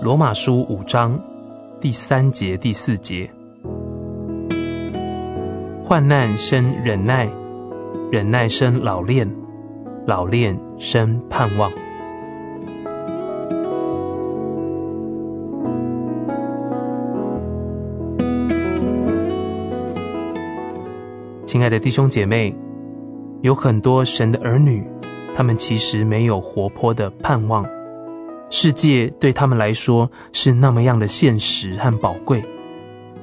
羅馬書五章第三節、第四節：患難生忍耐，忍耐生老練，老練生盼望。親愛的弟兄姐妹，有很多神的兒女，他們其實沒有活潑的盼望。世界對他們來說是那麼樣的現實和寶貴，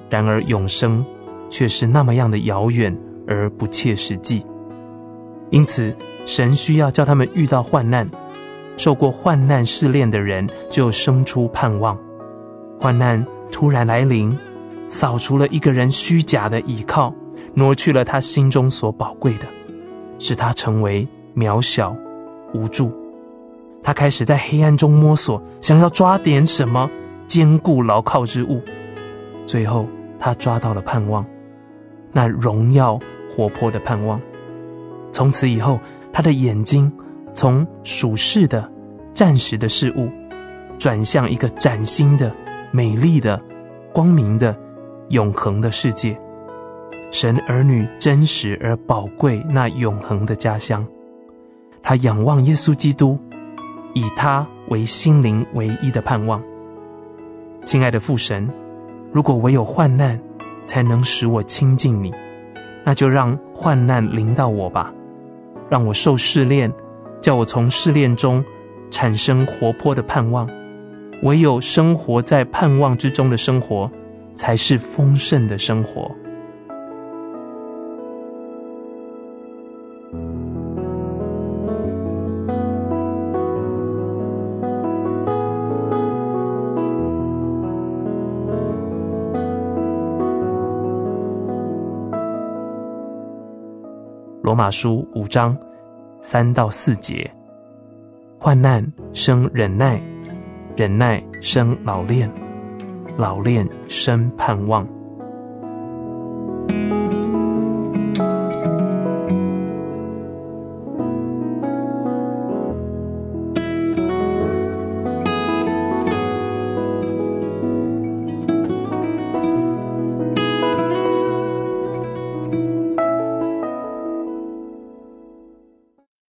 然而永生卻是那麼樣的遙遠而不切實際。因此，神需要叫他們遇到患難，受過患難試煉的人就生出盼望。患難突然來臨，掃除了一個人虛假的依靠，挪去了他心中所寶貴的，使他成為渺小、無助。他開始在黑暗中摸索，想要抓點什麼堅固牢靠之物。最後，他抓到了盼望，那榮耀活潑的盼望。從此以後，他的眼睛從屬世的、暫時的事物，轉向一個嶄新的、美麗的、光明的、永恆的世界——神兒女真實而寶貴那永恆的家鄉。他仰望耶穌基督。以他為心靈唯一的盼望。親愛的父神，如果唯有患難才能使我親近你，那就讓患難臨到我吧，讓我受試煉，叫我從試煉中產生活潑的盼望。唯有生活在盼望之中的生活，才是豐盛的生活。羅馬書五章三到四節：患難生忍耐，忍耐生老練，老練生盼望。